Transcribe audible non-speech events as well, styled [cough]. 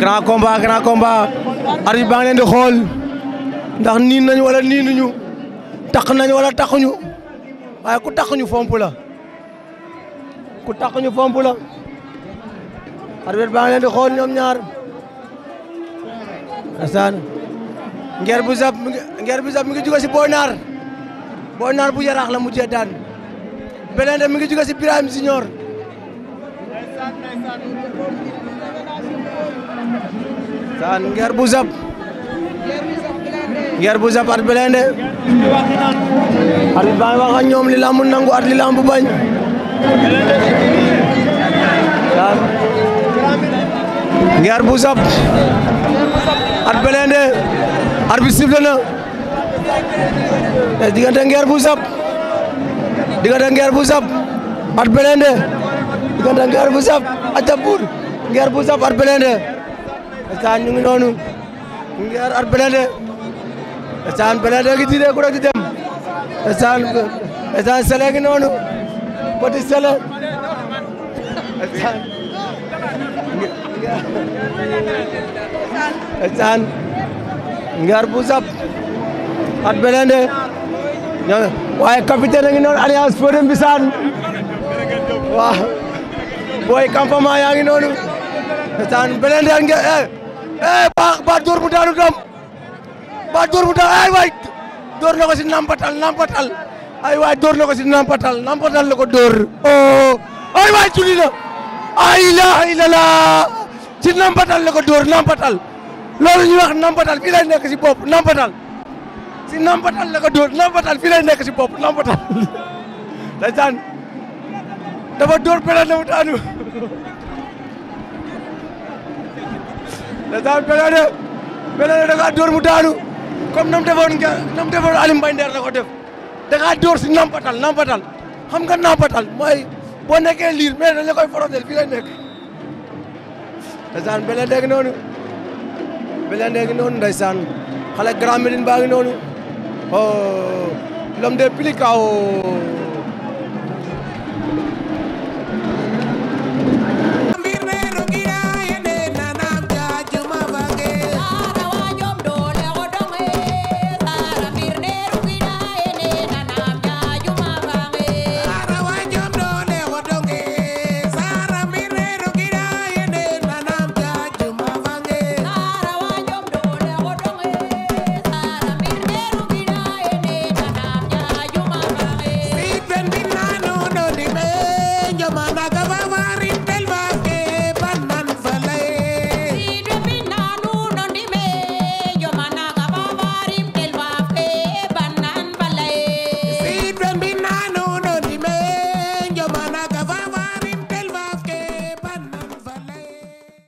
grand combat grand combat arbitre baa ngi leen di xool ndax niin nañ wala niinuñu taq nañ wala taquñu waaye ku taquñu fomp la ku taquñu fomp la arbitre baa ngi leen di xool ñoom ñaar asaan ngeer bu zap ngeer bu zap mi ngi jóge si Boynar naar bu yaraax la mujjee daan beneen de mu ngi jóge si Birame Junior saan ngeer bu zap ngeer bu zap at belende arit baa ngi wax ñoom li lamb nangu at li lamb bañ saan ngeer bu sab at belende de sifflé na eh, diggante ngeer bu zap diggante ngeer bu zap at belende diggante ngeer bu zap aca buur ngeer bu saf ar belende esaan ñu ngi noonu ngeer ar belende esaan belende gi tiide ku rek dem esaan esaan sele ngi noonu poti sele esaan ngeer bu saf ar belende waaye capitaine ngi noonu alliance fodem bisaan waaw booy campement yaa ngi noonu saan beneen daan nga eh, eh baat door bu daanu doom baat door bu daanu ay waay door na ko si nampatal nampatal ay waay door na ko si nampatal nampatal la ko door oh ay waay julli na ay ilaha illallah si nampatal la ko door nampatal loolu ñuy wax nampatal fii lay nekk si bopp nampatal si nampatal la ko door nampatal fii lay nekk si bopp nampatal [laughs] ndeysaan dafa door beneen na mu daanu da [laughs] daan Pelé Pelé da ngaa dóor mu daanu comme nam defoon nga nam defoon Aly Mbaye Nder la ko def da ngaa dóor si nampatal nampatal xam nga nampatal mooy boo nekkee liir mais dañ la forosel fii lay nekk ndeysaan Pelé dégg noonu Pelé dégg noonu ndeysaan xale Grand Médine baa noonu oh l'homme des Plicao oh.